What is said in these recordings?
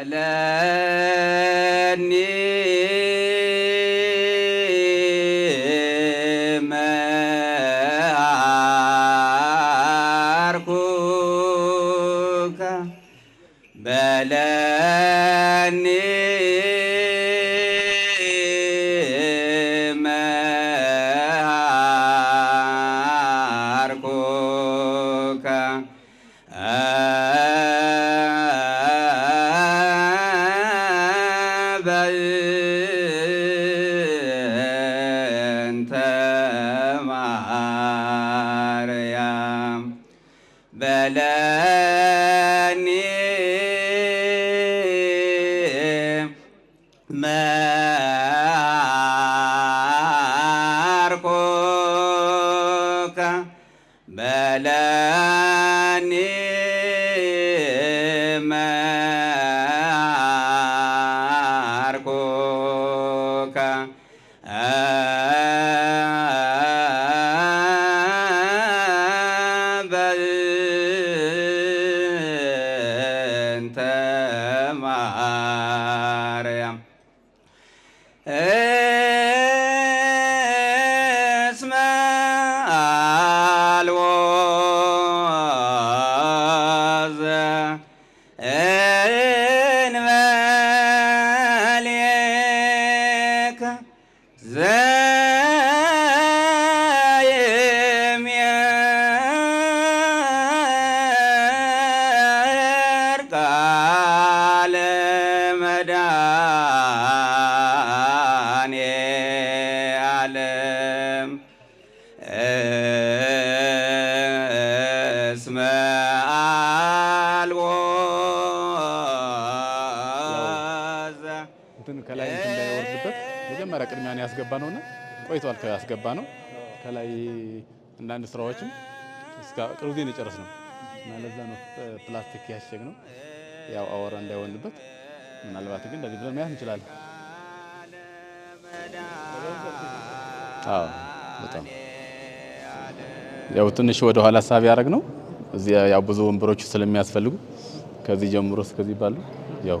ألا ما Z. ቆይቷል ከያስገባ ነው። ከላይ አንዳንድ ስራዎችም እስከ ቅርብ ጊዜ የጨረስ ነው እና ለዛ ነው ፕላስቲክ ያሸግ ነው ያው አወራ እንዳይሆንበት ምናልባት ግን እንደዚህ ብለን መያዝ እንችላለን። አዎ በጣም ያው ትንሽ ወደ ኋላ ሳቢ ያደረግ ነው። እዚህ ያው ብዙ ወንበሮች ስለሚያስፈልጉ ከዚህ ጀምሮ እስከዚህ ባሉ ያው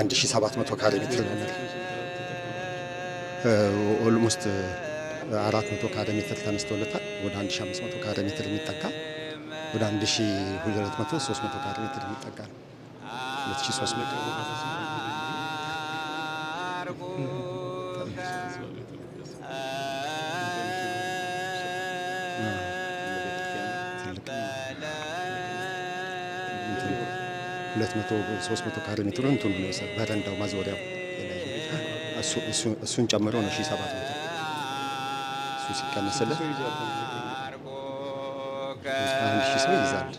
አንድ ሺ ሰባት መቶ ካሬ ሜትር ነው ኦልሞስት አራት መቶ ካሬ ሜትር ተነስቶለታል። ወደ አንድ ሺ አምስት መቶ ካሬ ሜትር የሚጠጋ ወደ አንድ ሺ ሁለት መቶ ሶስት መቶ ካሬ ሜትር የሚጠጋ ነው ሁለት ሺ ሶስት መቶ 200 300 ካሬ ሜትሩ እንትን ነው የሰራው በረንዳው ማዞሪያው እሱን ጨምሮ ነው 1700 እሱ ሲቀነስልህ አንድ ሰው ይይዛል።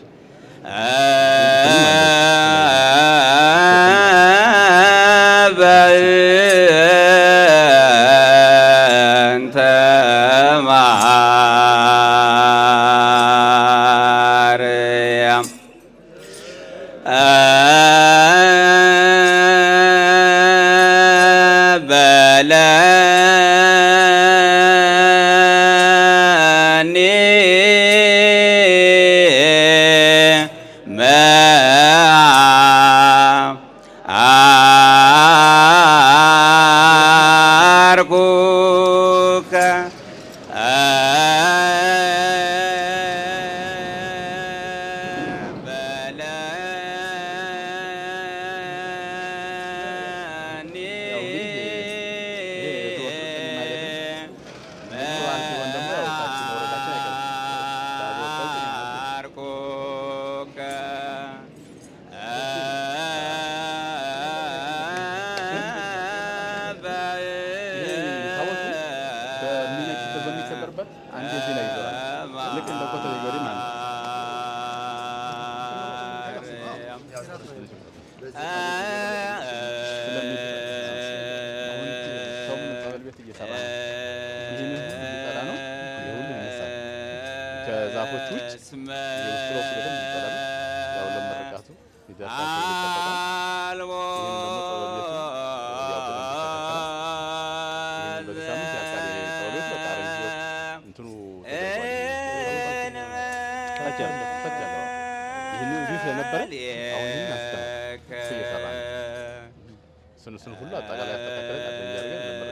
እሱን እሱን ሁሉ አጠቃላይ አጠቃላይ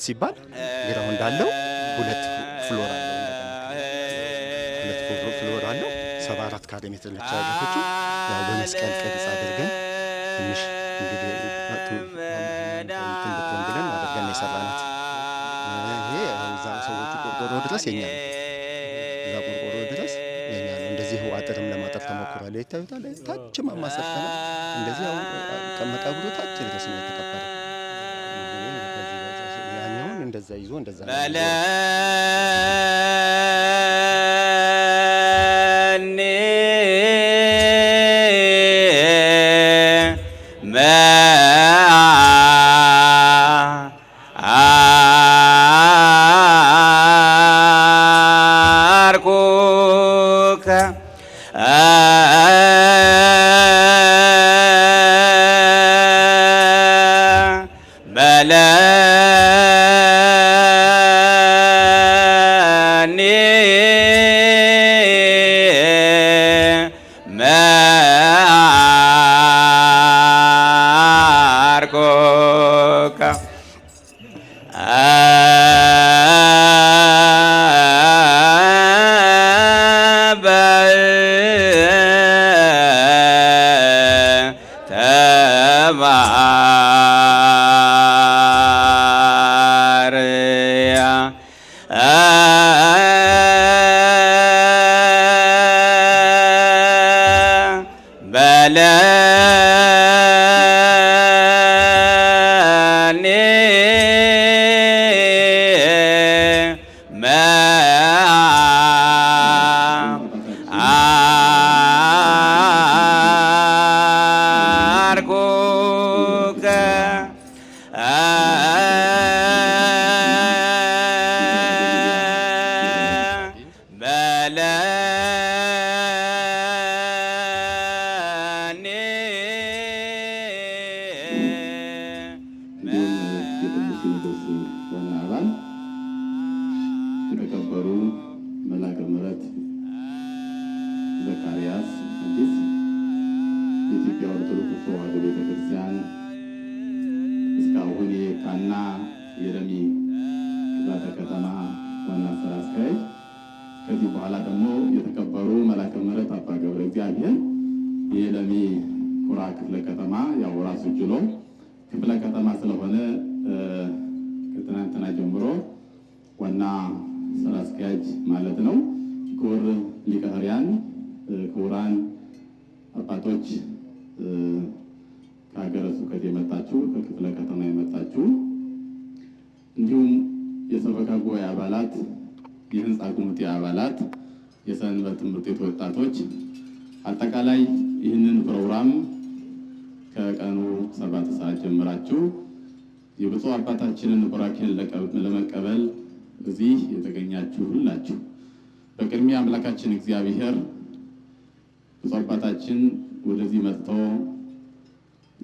ለመግባት ሲባል ግራው እንዳለው ሁለት ፍሎር አለው ሁለት ፍሎር አለው። ሰባ አራት ካሬ ሜትር ነች ያው በመስቀል ቅርጽ አድርገን ትንሽ እንግዲህ ትንብትን ብለን አድርገን የሰራናት ይሄ እዛ ሰዎቹ ቆርቆሮ ድረስ የኛ እዛ ቆርቆሮ ድረስ የኛ ነው። እንደዚህ አጥርም ለማጠር ተሞክሯል። ይታዩታል። እንደዚህ ቀመቃብሮ ታች ድረስ ነው የተቀበለው እንደዛ ይዞ እንደዛ بلى ما በኋላ ደግሞ የተከበሩ መላከ ምሕረት አባ ገብረ እግዚአብሔር የለሚ ኩራ ክፍለ ከተማ ያው ራሱ ችሎ ክፍለ ከተማ ስለሆነ ከትናንትና ጀምሮ ዋና ስራ አስኪያጅ ማለት ነው። ክቡር ሊቀ ኅሩያን፣ ክቡራን አባቶች፣ ከሀገረ ስብከት የመጣችሁ ከክፍለ ከተማ የመጣችሁ እንዲሁም የሰበካ ጉባኤ አባላት የህንፃ ኮሚቴ አባላት፣ የሰንበት ትምህርት ቤት ወጣቶች አጠቃላይ ይህንን ፕሮግራም ከቀኑ ሰባት ሰዓት ጀምራችሁ የብፁዕ አባታችንን ቡራኬን ለመቀበል እዚህ የተገኛችሁ ሁላችሁ በቅድሚያ አምላካችን እግዚአብሔር ብፁዕ አባታችን ወደዚህ መጥቶ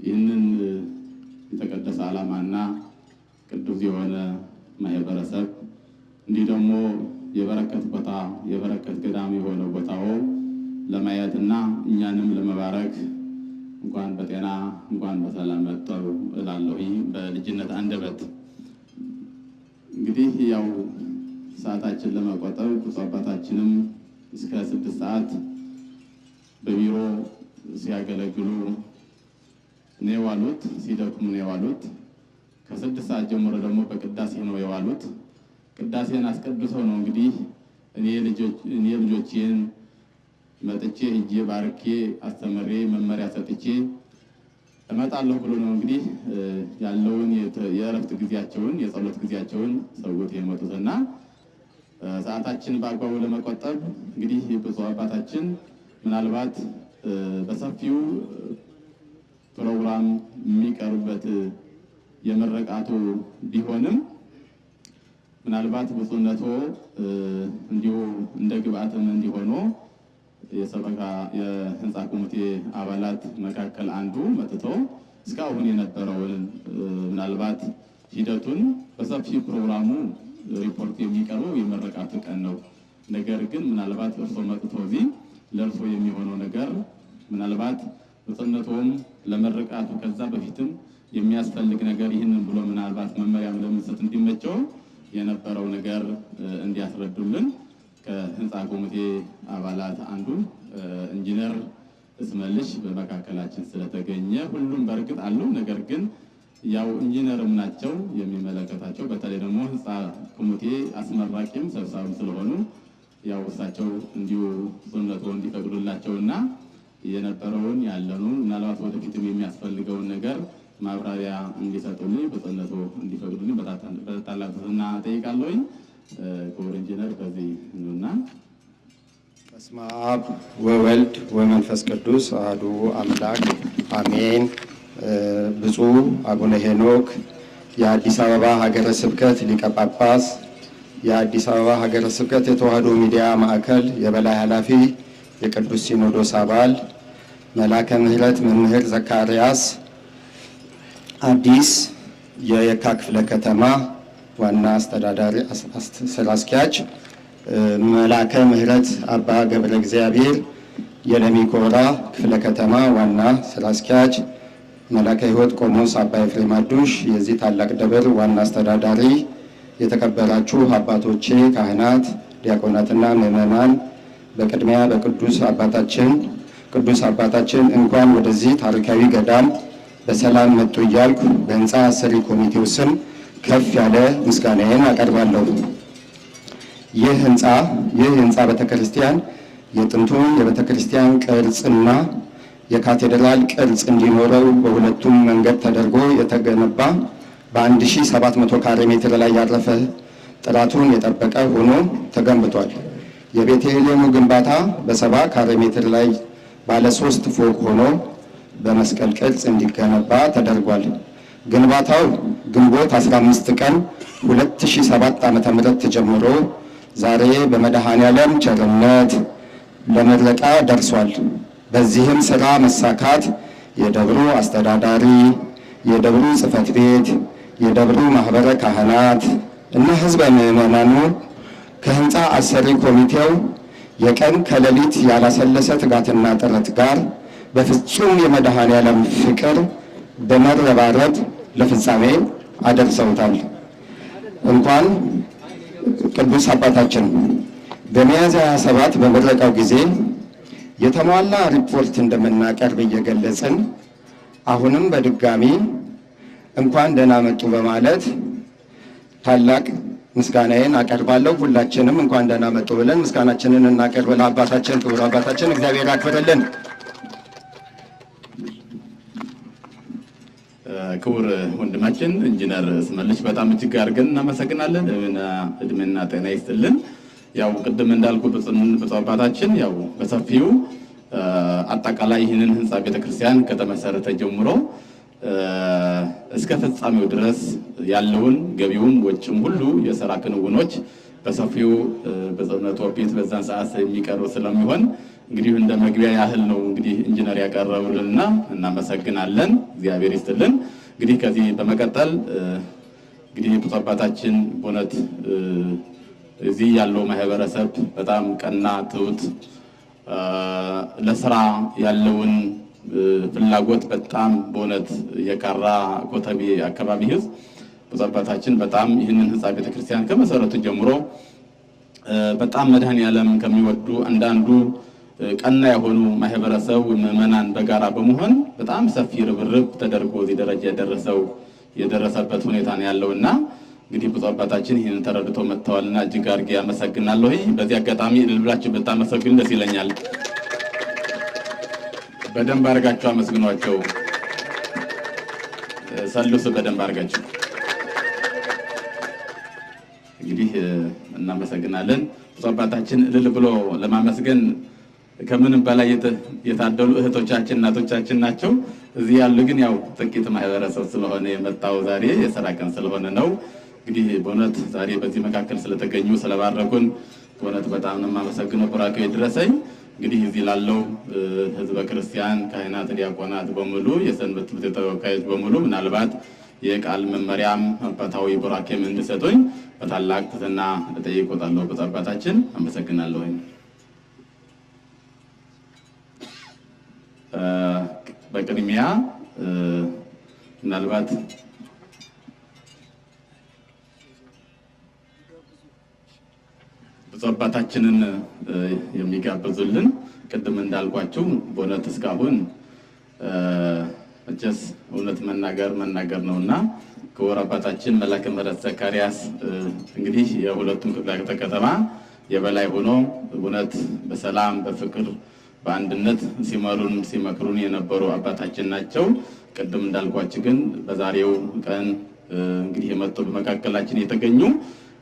ይህንን የተቀደሰ ዓላማና ቅዱስ የሆነ ማህበረሰብ እንዲህ ደግሞ የበረከት ቦታ የበረከት ገዳም የሆነው ቦታው ለማየትና እኛንም ለመባረክ እንኳን በጤና እንኳን በሰላም መጥተው እላለሁ በልጅነት አንደበት። እንግዲህ ያው ሰዓታችን ለመቆጠብ ብፁዕ አባታችንም እስከ ስድስት ሰዓት በቢሮ ሲያገለግሉ ነው የዋሉት፣ ሲደክሙ ነው የዋሉት። ከስድስት ሰዓት ጀምሮ ደግሞ በቅዳሴ ነው የዋሉት። ቅዳሴን አስቀድሰው ነው እንግዲህ እኔ ልጆቼን መጥቼ እጄ ባርኬ አስተምሬ መመሪያ ሰጥቼ እመጣለሁ ብሎ ነው እንግዲህ ያለውን የእረፍት ጊዜያቸውን የጸሎት ጊዜያቸውን ሰውት የመጡትና ሰዓታችን በአግባቡ ለመቆጠብ እንግዲህ ብፁዕ አባታችን ምናልባት በሰፊው ፕሮግራም የሚቀርብበት የምረቃቱ ቢሆንም ምናልባት ብፁዕነቶ እንዲሁ እንደ ግብአትም እንዲሆኑ የሰበካ የህንፃ ኮሚቴ አባላት መካከል አንዱ መጥቶ እስካሁን የነበረውን ምናልባት ሂደቱን በሰፊ ፕሮግራሙ ሪፖርት የሚቀርበው የመረቃቱ ቀን ነው። ነገር ግን ምናልባት እርሶ መጥቶ እዚህ ለእርሶ የሚሆነው ነገር ምናልባት ብፁዕነቶም ለመረቃቱ ከዛ በፊትም የሚያስፈልግ ነገር ይህንን ብሎ ምናልባት መመሪያም ለመስጠት እንዲመቸው የነበረው ነገር እንዲያስረዱልን ከህንፃ ኮሚቴ አባላት አንዱ ኢንጂነር እስመልሽ በመካከላችን ስለተገኘ ሁሉም በእርግጥ አሉ። ነገር ግን ያው ኢንጂነርም ናቸው የሚመለከታቸው፣ በተለይ ደግሞ ህንፃ ኮሚቴ አስመራቂም ሰብሳቢም ስለሆኑ ያው እሳቸው እንዲሁ ዝምለቶ እንዲፈቅዱላቸውና የነበረውን ያለኑ ምናልባት ወደፊትም የሚያስፈልገውን ነገር ማብራሪያ እንዲሰጡልኝ በጸለቶ እንዲፈቅዱልኝ በታላቅ ትህትና ጠይቃለሁኝ። ክቡር ኢንጂነር ከዚህ ኑና። በስመ አብ ወወልድ ወመንፈስ ቅዱስ አህዱ አምላክ አሜን። ብፁዕ አቡነ ሄኖክ የአዲስ አበባ ሀገረ ስብከት ሊቀ ጳጳስ፣ የአዲስ አበባ ሀገረ ስብከት የተዋህዶ ሚዲያ ማዕከል የበላይ ኃላፊ፣ የቅዱስ ሲኖዶስ አባል መላከ ምሕረት መምህር ዘካርያስ አዲስ የየካ ክፍለ ከተማ ዋና አስተዳዳሪ ስራ አስኪያጅ መላከ ምህረት አባ ገብረ እግዚአብሔር የለሚ ኮራ ክፍለ ከተማ ዋና ስራ አስኪያጅ መላከ ሕይወት ቆሞስ አባ ኤፍሬም አዱሽ የዚህ ታላቅ ደብር ዋና አስተዳዳሪ የተከበራችሁ አባቶቼ ካህናት፣ ዲያቆናትና ምዕመናን በቅድሚያ በቅዱስ አባታችን ቅዱስ አባታችን እንኳን ወደዚህ ታሪካዊ ገዳም በሰላም መጡ እያልኩ በህንፃ አሰሪ ኮሚቴው ስም ከፍ ያለ ምስጋናዬን አቀርባለሁ። ይህ ህንፃ ይህ ህንፃ ቤተክርስቲያን የጥንቱ የቤተክርስቲያን ቅርጽና የካቴድራል ቅርጽ እንዲኖረው በሁለቱም መንገድ ተደርጎ የተገነባ በ1700 ካሬ ሜትር ላይ ያረፈ ጥራቱን የጠበቀ ሆኖ ተገንብቷል። የቤተልሔሙ ግንባታ በሰባ ካሬ ሜትር ላይ ባለ ሶስት ፎቅ ሆኖ በመስቀል ቅርጽ እንዲገነባ ተደርጓል። ግንባታው ግንቦት 15 ቀን 2007 ዓ.ም ተጀምሮ ዛሬ በመድኃኔዓለም ቸርነት ለምረቃ ደርሷል። በዚህም ስራ መሳካት የደብሩ አስተዳዳሪ፣ የደብሩ ጽሕፈት ቤት፣ የደብሩ ማህበረ ካህናት እና ህዝበ ምዕመናኑ ከህንፃ አሰሪ ኮሚቴው የቀን ከሌሊት ያላሰለሰ ትጋትና ጥረት ጋር በፍጹም የመድኃኔ ዓለም ፍቅር በመረባረብ ለፍጻሜ አደርሰውታል። እንኳን ቅዱስ አባታችን በሚያዝያ 27 በምረቃው ጊዜ የተሟላ ሪፖርት እንደምናቀርብ እየገለጽን አሁንም በድጋሚ እንኳን ደህና መጡ በማለት ታላቅ ምስጋናዬን አቀርባለሁ። ሁላችንም እንኳን ደህና መጡ ብለን ምስጋናችንን እናቀርብ። ለአባታችን ክቡር አባታችን እግዚአብሔር ያክብርልን። ክቡር ወንድማችን ኢንጂነር ስመልሽ በጣም እጅግ አድርገን እናመሰግናለን። እድሜና ጤና ይስጥልን። ያው ቅድም እንዳልኩ ብፁዕ አባታችን ያው በሰፊው አጠቃላይ ይህንን ህንፃ ቤተክርስቲያን ከተመሰረተ ጀምሮ እስከ ፍጻሜው ድረስ ያለውን ገቢውም ወጭም ሁሉ የስራ ክንውኖች በሰፊው በጽነቱ ወፊት በዛን ሰዓት የሚቀሩ ስለሚሆን እንግዲህ እንደ መግቢያ ያህል ነው እንግዲህ ኢንጂነር ያቀረቡልንና እናመሰግናለን። እግዚአብሔር ይስጥልን። እንግዲህ ከዚህ በመቀጠል እንግዲህ ብፁዕ አባታችን በእውነት እዚህ ያለው ማህበረሰብ በጣም ቀና፣ ትሁት ለስራ ያለውን ፍላጎት በጣም በእውነት የካራ ኮተቤ አካባቢ ህዝብ ብፁዕ አባታችን በጣም ይህንን ህንፃ ቤተክርስቲያን ከመሰረቱ ጀምሮ በጣም መድኃኔ ዓለም ከሚወዱ አንዳንዱ ቀና የሆኑ ማህበረሰብ ምዕመናን በጋራ በመሆን በጣም ሰፊ ርብርብ ተደርጎ እዚህ ደረጃ የደረሰው የደረሰበት ሁኔታ ነው ያለውና እንግዲህ ብፁዕ አባታችን ይህንን ተረድቶ መጥተዋልና እጅግ አድርጌ አመሰግናለሁ። በዚህ አጋጣሚ እልል ብላችሁ ብታመሰግኑ ደስ ይለኛል። በደንብ አድርጋችሁ አመስግኗቸው፣ ሰልሱ በደንብ አድርጋችሁ እንግዲህ እናመሰግናለን። ብፁዕ አባታችን እልል ብሎ ለማመስገን ከምንም በላይ የታደሉ እህቶቻችን እናቶቻችን ናቸው። እዚህ ያሉ ግን ያው ጥቂት ማህበረሰብ ስለሆነ የመጣው ዛሬ የስራ ቀን ስለሆነ ነው። እንግዲህ በእውነት ዛሬ በዚህ መካከል ስለተገኙ ስለባረኩን በእውነት በጣም ነው የማመሰግነው። ቡራኬ ድረሰኝ። እንግዲህ እዚህ ላለው ህዝበ ክርስቲያን፣ ካህናት፣ ዲያቆናት በሙሉ የሰንበት ትምህርት ተወካዮች በሙሉ ምናልባት የቃል መመሪያም አባታዊ ቡራኬም እንድሰጡኝ በታላቅ ትህትና እጠይቆታለሁ። ብፁዕ አባታችን አመሰግናለሁኝ። በቅድሚያ ምናልባት ብፁዕ አባታችንን የሚጋብዙልን ቅድም እንዳልኳችሁ በእውነት እስካሁን መቼስ እውነት መናገር መናገር ነው እና ክቡር አባታችን መላከ ምሕረት ዘካርያስ እንግዲህ የሁለቱም ክፍለ ከተማ የበላይ ሆኖ እውነት በሰላም በፍቅር በአንድነት ሲመሩን ሲመክሩን የነበሩ አባታችን ናቸው። ቅድም እንዳልኳችሁ ግን በዛሬው ቀን እንግዲህ የመጡ በመካከላችን የተገኙ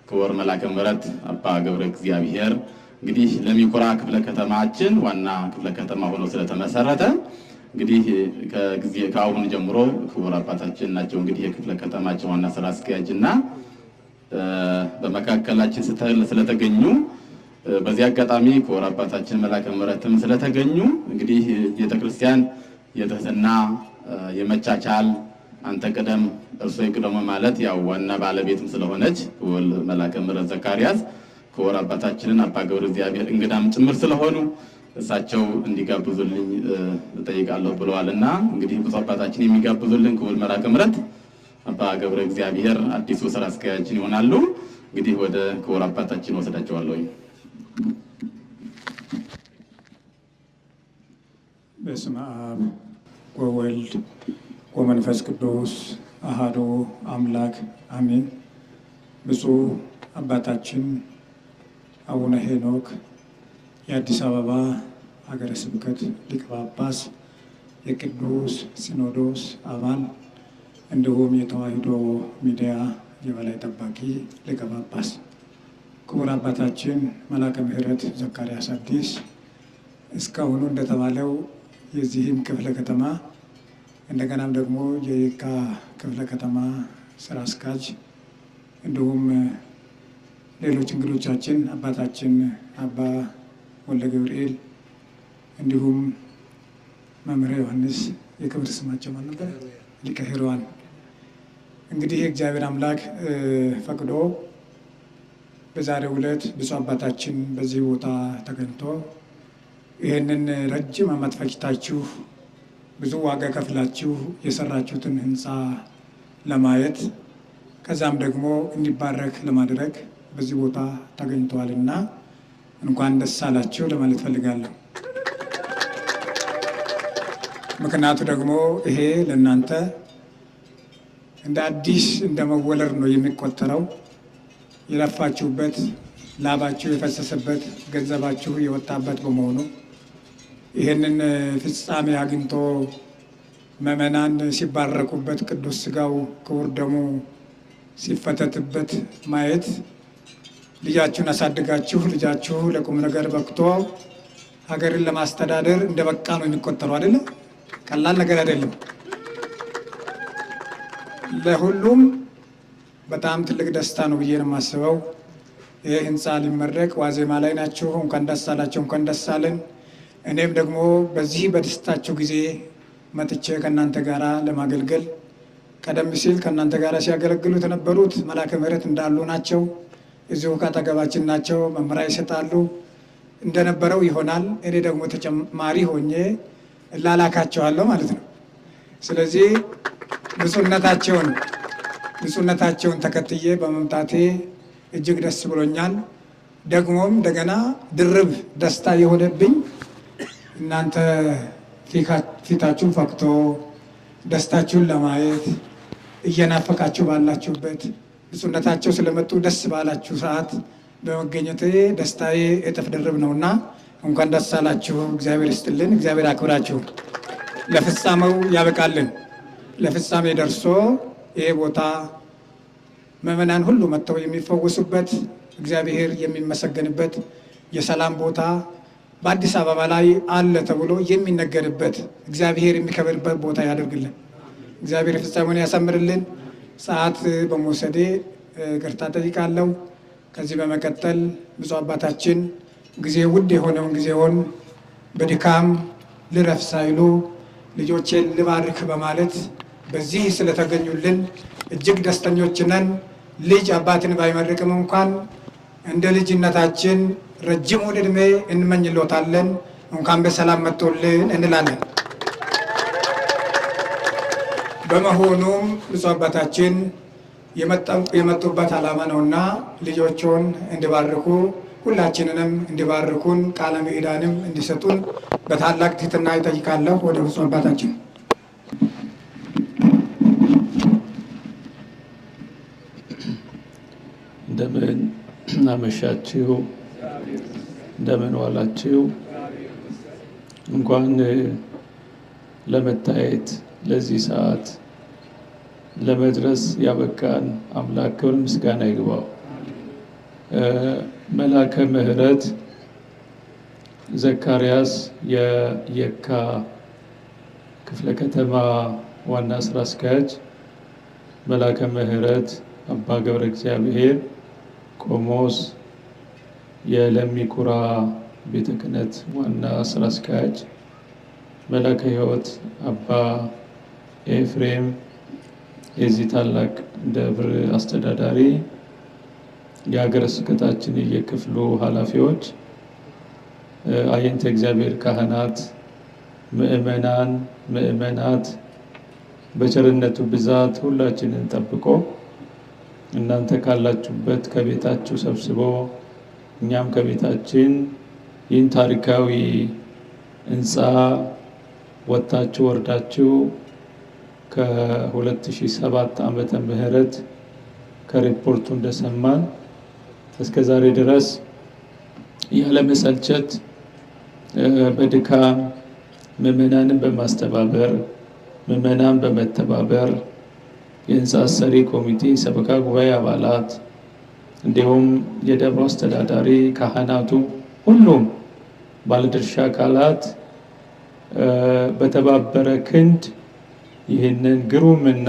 ክቡር መላከ ምሕረት አባ ገብረ እግዚአብሔር እንግዲህ ለሚኩራ ክፍለ ከተማችን ዋና ክፍለ ከተማ ሆኖ ስለተመሰረተ እንግዲህ ከጊዜ ከአሁን ጀምሮ ክቡር አባታችን ናቸው እንግዲህ የክፍለ ከተማችን ዋና ስራ አስኪያጅ እና በመካከላችን ስለተገኙ በዚህ አጋጣሚ ክቡር አባታችን መላከ ምሕረትም ስለተገኙ እንግዲህ ቤተክርስቲያን የትህትና የመቻቻል አንተ ቅደም እርሶ ይቅደሙ ማለት ያው ዋና ባለቤትም ስለሆነች ክቡር መላከ ምሕረት ዘካርያስ ክቡር አባታችንን አባ ገብረ እግዚአብሔር እንግዳም ጭምር ስለሆኑ እሳቸው እንዲጋብዙልኝ እጠይቃለሁ ብለዋል እና እንግዲህ ብፁዕ አባታችን የሚጋብዙልን ክቡር መላከ ምሕረት አባ ገብረ እግዚአብሔር አዲሱ ስራ አስኪያጅን ይሆናሉ። እንግዲህ ወደ ክቡር አባታችን ወስዳቸዋለሁኝ። በስመ አብ ወወልድ ወመንፈስ ቅዱስ አሃዶ አምላክ አሜን። ብፁዕ አባታችን አቡነ ሄኖክ የአዲስ አበባ ሀገረ ስብከት ሊቀ ጳጳስ የቅዱስ ሲኖዶስ አባል እንዲሁም የተዋሕዶ ሚዲያ የበላይ ጠባቂ ሊቀ ጳጳስ ክቡር አባታችን መላከ ምሕረት ዘካርያስ አዲስ እስካሁኑ እንደተባለው የዚህም ክፍለ ከተማ እንደገናም ደግሞ የየካ ክፍለ ከተማ ስራ አስኪያጅ እንዲሁም ሌሎች እንግዶቻችን አባታችን አባ ወልደ ገብርኤል እንዲሁም መምህር ዮሐንስ የክብር ስማቸው ማን ነበር? ሊቀ ሄሮዋን እንግዲህ የእግዚአብሔር አምላክ ፈቅዶ በዛሬው ዕለት ብፁዕ አባታችን በዚህ ቦታ ተገኝቶ ይህንን ረጅም ዓመት ፈጅታችሁ ብዙ ዋጋ ከፍላችሁ የሰራችሁትን ህንፃ ለማየት ከዛም ደግሞ እንዲባረክ ለማድረግ በዚህ ቦታ ተገኝተዋል እንኳን ደስ አላችሁ ለማለት ፈልጋለሁ። ምክንያቱ ደግሞ ይሄ ለእናንተ እንደ አዲስ እንደ መወለድ ነው የሚቆጠረው። የለፋችሁበት ላባችሁ የፈሰሰበት ገንዘባችሁ የወጣበት በመሆኑ ይህንን ፍጻሜ አግኝቶ ምእመናን ሲባረኩበት ቅዱስ ስጋው ክቡር ደሙ ሲፈተትበት ማየት ልጃችሁን አሳድጋችሁ ልጃችሁ ለቁም ነገር በክቶ ሀገርን ለማስተዳደር እንደ በቃ ነው የሚቆጠሩ አይደለም ቀላል ነገር አይደለም ለሁሉም በጣም ትልቅ ደስታ ነው ብዬ ነው የማስበው። ይህ ህንፃ ሊመረቅ ዋዜማ ላይ ናችሁ። እንኳን ደስ አላችሁ፣ እንኳን ደስ አለን። እኔም ደግሞ በዚህ በደስታችሁ ጊዜ መጥቼ ከእናንተ ጋራ ለማገልገል ቀደም ሲል ከእናንተ ጋር ሲያገለግሉ የነበሩት መላከ ምሕረት እንዳሉ ናቸው። እዚሁ ካጠገባችን ናቸው። መምራ ይሰጣሉ እንደነበረው ይሆናል። እኔ ደግሞ ተጨማሪ ሆኜ እላላካቸዋለሁ ማለት ነው። ስለዚህ ብፁዕነታቸውን ብፁዕነታቸውን ተከትዬ በመምጣቴ እጅግ ደስ ብሎኛል። ደግሞም እንደገና ድርብ ደስታ የሆነብኝ እናንተ ፊታችሁን ፈክቶ ደስታችሁን ለማየት እየናፈቃችሁ ባላችሁበት ብፁዕነታቸው ስለመጡ ደስ ባላችሁ ሰዓት በመገኘቴ ደስታዬ እጥፍ ድርብ ነው ነውና እንኳን ደስ አላችሁ። እግዚአብሔር ይስጥልን፣ እግዚአብሔር አክብራችሁ ለፍጻሜው ያበቃልን። ለፍጻሜ ደርሶ ይሄ ቦታ ምዕመናን ሁሉ መጥተው የሚፈወሱበት እግዚአብሔር የሚመሰገንበት የሰላም ቦታ በአዲስ አበባ ላይ አለ ተብሎ የሚነገርበት እግዚአብሔር የሚከብርበት ቦታ ያደርግልን። እግዚአብሔር ፍጻሜውን ያሳምርልን። ሰዓት በመውሰዴ ቅርታ ጠይቃለሁ። ከዚህ በመቀጠል ብፁዕ አባታችን ጊዜ ውድ የሆነውን ጊዜውን በድካም ልረፍ ሳይሉ ልጆቼን ልባርክ በማለት በዚህ ስለተገኙልን እጅግ ደስተኞች ነን። ልጅ አባትን ባይመርቅም እንኳን እንደ ልጅነታችን ረጅሙን እድሜ እንመኝሎታለን። እንኳን በሰላም መጥቶልን እንላለን። በመሆኑም ብፁዕ አባታችን የመጡበት ዓላማ ነውና ልጆቹን እንዲባርኩ ሁላችንንም እንዲባርኩን ቃለ ምዕዳንም እንዲሰጡን በታላቅ ትትና ይጠይቃለሁ። ወደ ብፁዕ አባታችን እንደምን አመሻችሁ፣ እንደምን ዋላችሁ። እንኳን ለመታየት ለዚህ ሰዓት ለመድረስ ያበቃን አምላክ ክብር ምስጋና ይግባው። መላከ ምሕረት ዘካርያስ የየካ ክፍለ ከተማ ዋና ስራ አስኪያጅ መላከ ምሕረት አባ ገብረ እግዚአብሔር ቆሞስ፣ የለሚኩራ ቤተ ክህነት ዋና ስራ አስኪያጅ መላከ ሕይወት አባ ኤፍሬም የዚህ ታላቅ ደብር አስተዳዳሪ፣ የሀገረ ስብከታችን የክፍሉ ኃላፊዎች፣ አይንተ እግዚአብሔር ካህናት፣ ምእመናን፣ ምእመናት በቸርነቱ ብዛት ሁላችንን ጠብቆ እናንተ ካላችሁበት ከቤታችሁ ሰብስቦ እኛም ከቤታችን ይህን ታሪካዊ ህንፃ ወጥታችሁ ወርዳችሁ ከ2007 ዓመተ ምህረት ከሪፖርቱ እንደሰማን እስከ ዛሬ ድረስ ያለመሰልቸት በድካም ምዕመናንን በማስተባበር ምዕመናን በመተባበር የህንፃ አሰሪ ኮሚቴ ሰበካ ጉባኤ አባላት እንዲሁም የደብሮ አስተዳዳሪ፣ ካህናቱ፣ ሁሉም ባለድርሻ አካላት በተባበረ ክንድ ይህንን ግሩምና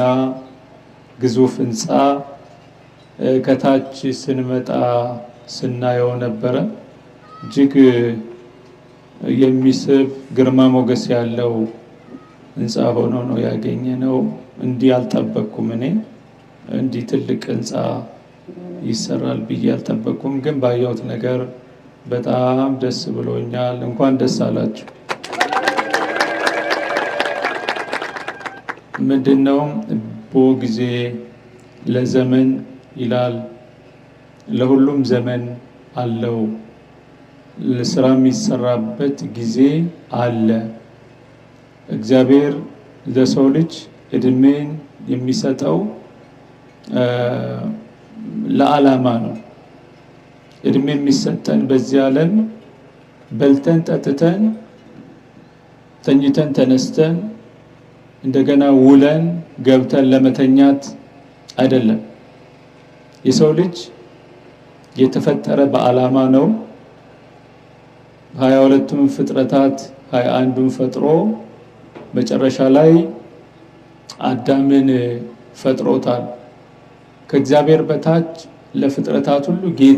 ግዙፍ ህንፃ ከታች ስንመጣ ስናየው ነበረ። እጅግ የሚስብ ግርማ ሞገስ ያለው ህንፃ ሆኖ ነው ያገኘ ነው። እንዲህ አልጠበቅኩም። እኔ እንዲህ ትልቅ ህንፃ ይሰራል ብዬ አልጠበቅኩም። ግን ባየሁት ነገር በጣም ደስ ብሎኛል። እንኳን ደስ አላችሁ። ነው ቦ ጊዜ ለዘመን ይላል። ለሁሉም ዘመን አለው። ስራ የሚሰራበት ጊዜ አለ። እግዚአብሔር ለሰው ልጅ እድሜን የሚሰጠው ለዓላማ ነው። እድሜ የሚሰጠን በዚህ ዓለም በልተን ጠጥተን ተኝተን ተነስተን እንደገና ውለን ገብተን ለመተኛት አይደለም። የሰው ልጅ የተፈጠረ በዓላማ ነው። ሀያ ሁለቱም ፍጥረታት ሀያ አንዱን ፈጥሮ መጨረሻ ላይ አዳምን ፈጥሮታል። ከእግዚአብሔር በታች ለፍጥረታት ሁሉ ጌ